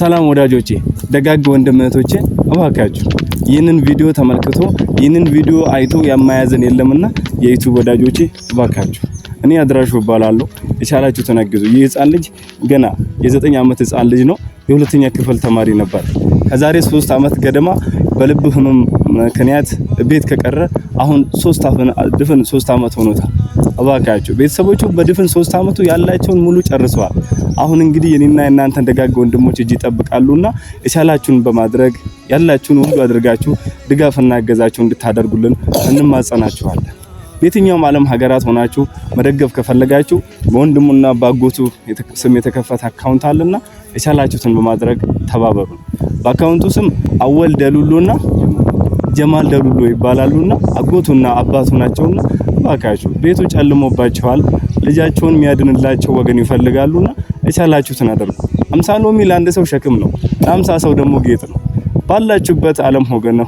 ሰላም ወዳጆቼ፣ ደጋግ ወንድምነቶቼ እባካችሁ ይህንን ቪዲዮ ተመልክቶ ይህንን ቪዲዮ አይቶ የማያዘን የለምና የዩቲዩብ ወዳጆቼ እባካችሁ እኔ አድራሹ እባላለሁ። የቻላችሁ ተነግዙ። ይህ ህፃን ልጅ ገና የዘጠኝ ዓመት ህፃን ልጅ ነው። የሁለተኛ ክፍል ተማሪ ነበር። ከዛሬ ሶስት ዓመት ገደማ በልብ ህመም ምክንያት ቤት ከቀረ አሁን ሶስት ድፍን ሶስት ዓመት ሆኖታል። እባካችሁ ቤተሰቦቹ በድፍን ሶስት ዓመቱ ያላቸውን ሙሉ ጨርሰዋል። አሁን እንግዲህ የኔና የእናንተን ደጋግ ወንድሞች እጅ ይጠብቃሉና የቻላችሁን በማድረግ ያላችሁን ሁሉ አድርጋችሁ ድጋፍና እገዛችሁ እንድታደርጉልን እንማጸናችኋለን። በየትኛውም ዓለም ሀገራት ሆናችሁ መደገፍ ከፈለጋችሁ በወንድሙና በአጎቱ ስም የተከፈተ አካውንት አለና የቻላችሁትን በማድረግ ተባበሩ። በአካውንቱ ስም አወል ደሉሎና ጀማል ደሉሎ ይባላሉና አጎቱና አባቱ ናቸውና እባካችሁ ቤቱ ጨልሞባችኋል። ልጃቸውን የሚያድንላቸው ወገን ይፈልጋሉና የቻላችሁትን አድርጉ። አምሳ ሎሚ ለአንድ ሰው ሸክም ነው፣ ለአምሳ ሰው ደግሞ ጌጥ ነው። ባላችሁበት ዓለም ወገን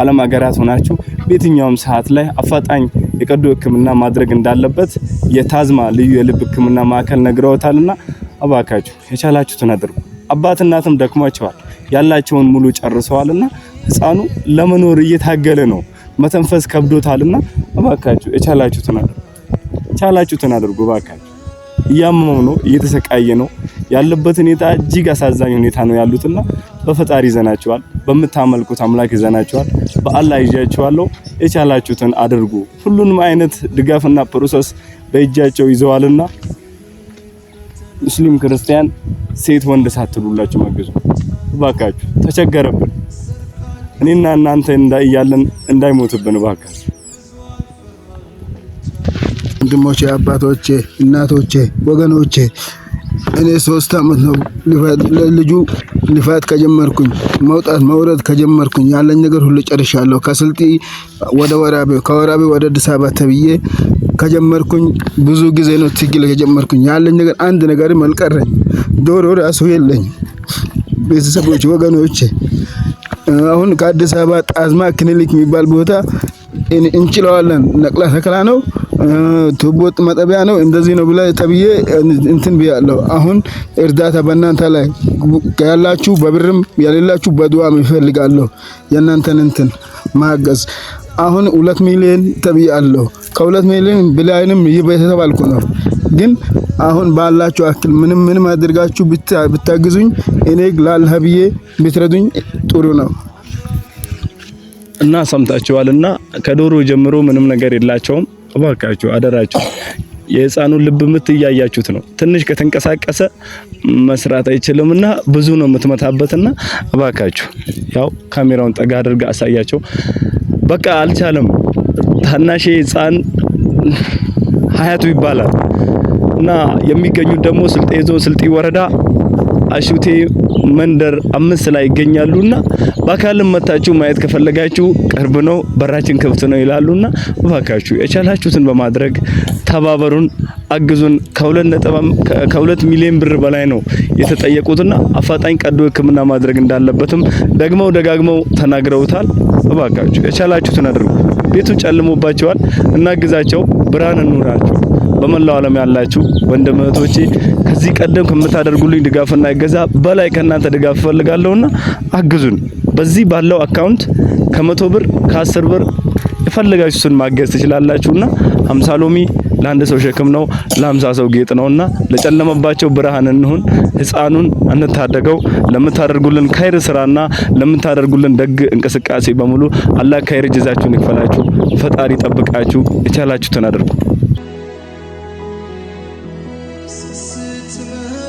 ዓለም ሀገራት ሆናችሁ በየትኛውም ሰዓት ላይ አፋጣኝ የቀዶ ሕክምና ማድረግ እንዳለበት የታዝማ ልዩ የልብ ሕክምና ማዕከል ነግረውታልና እባካችሁ የቻላችሁትን አድርጉ። አባት እናትም ደክሟቸዋል፣ ያላቸውን ሙሉ ጨርሰዋልና ህፃኑ ለመኖር እየታገለ ነው፣ መተንፈስ ከብዶታልና እባካችሁ የቻላችሁትን አድርጉ። ቻላችሁትን አድርጉ ባካችሁ። እያመመው ነው፣ እየተሰቃየ ነው ያለበት ሁኔታ እጅግ አሳዛኝ ሁኔታ ነው ያሉትና በፈጣሪ ይዘናቸዋል፣ በምታመልኩት አምላክ ይዘናቸዋል። በአላህ ይዣቸዋለሁ። የቻላችሁትን አድርጉ። ሁሉንም አይነት ድጋፍና ፕሮሰስ በእጃቸው ይዘዋልና ሙስሊም ክርስቲያን፣ ሴት ወንድ ሳትሉላችሁ መግዙ ባካችሁ። ተቸገረብን እኔና እናንተ እያለን እንዳይሞትብን ባካችሁ። ወንድሞቼ፣ አባቶቼ፣ እናቶቼ፣ ወገኖቼ እኔ ሶስት አመት ነው ልጁ ልፋት ከጀመርኩኝ መውጣት መውረድ ከጀመርኩኝ ያለኝ ነገር ሁሉ ጨርሻለሁ። ከስልጢ ወደ ወራቤ ከወራቤ ወደ አዲስ አበባ ተብዬ ከጀመርኩኝ ብዙ ጊዜ ነው ትግል ከጀመርኩኝ ያለኝ ነገር አንድ ነገር አልቀረኝ። ዶሮ ራሱ የለኝ። ቤተሰቦች፣ ወገኖች አሁን ከአዲስ አበባ ጣዝማ ክሊኒክ የሚባል ቦታ እንችለዋለን። ነቅላ ተከላ ነው። ቱቦ መጠቢያ ነው እንደዚህ ነው ብላ ተብዬ እንትን ብያለሁ። አሁን እርዳታ በእናንተ ላይ ያላችሁ በብርም ያሌላችሁ በዱዓም ይፈልጋለሁ የእናንተን እንትን ማገዝ አሁን ሁለት ሚሊዮን ተብያለሁ። ከሁለት ሚሊዮን ብላይንም ይበተተብ አልኩ ነው ግን አሁን ባላችሁ አክል ምንም ምንም አድርጋችሁ ብታግዙኝ እኔ ላልሀብዬ ብትረዱኝ ጥሩ ነው። እና ሰምታችኋልና ከዶሮ ጀምሮ ምንም ነገር የላቸውም። እባካችሁ አደራችሁ የህፃኑን ልብ ምት እያያችሁት ነው። ትንሽ ከተንቀሳቀሰ መስራት አይችልምና ብዙ ነው የምትመታበትና እባካችሁ ያው ካሜራውን ጠጋ አድርጋ አሳያቸው። በቃ አልቻለም። ታናሽ ህፃን ሀያቱ ይባላል እና የሚገኙት ደግሞ ስልጤ ዞን ስልጤ ወረዳ አሽቴ መንደር አምስት ላይ ይገኛሉና በአካልም መታችሁ ማየት ከፈለጋችሁ ቅርብ ነው፣ በራችን ክፍት ነው ይላሉና እባካችሁ የቻላችሁትን በማድረግ ተባበሩን፣ አግዙን። ከሁለት ሚሊዮን ብር በላይ ነው የተጠየቁትና አፋጣኝ ቀዶ ሕክምና ማድረግ እንዳለበትም ደግመው ደጋግመው ተናግረውታል። እባካችሁ የቻላችሁትን አድርጉ። ቤቱ ጨልሞባቸዋል። እናግዛቸው፣ ብርሃን እንኑራቸው። በመላው ዓለም ያላችሁ ወንድም እህቶቼ ከዚህ ቀደም ከምታደርጉልኝ ድጋፍና እገዛ በላይ ከእናንተ ድጋፍ እፈልጋለሁና አግዙን። በዚህ ባለው አካውንት ከመቶ ብር ከአስር ብር የፈለጋችሁትን ማገዝ ትችላላችሁና አምሳ ሎሚ ለአንድ ሰው ሸክም ነው፣ ለአምሳ ሰው ጌጥ ነውና ለጨለመባቸው ብርሃን እንሁን፣ ህፃኑን እንታደገው። ለምታደርጉልን ካይር ስራና ለምታደርጉልን ደግ እንቅስቃሴ በሙሉ አላህ ካይር ጀዛችሁን ይክፈላችሁ፣ ፈጣሪ ጠብቃችሁ፣ የቻላችሁትን አድርጉ። Sısıtma